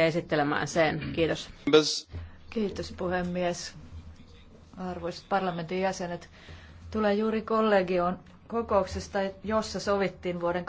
ja esittelemään sen. Kiitos. Kiitos puhemies. Arvoisat parlamentin jäsenet, tulee juuri kollegioon kokouksesta, jossa sovittiin vuoden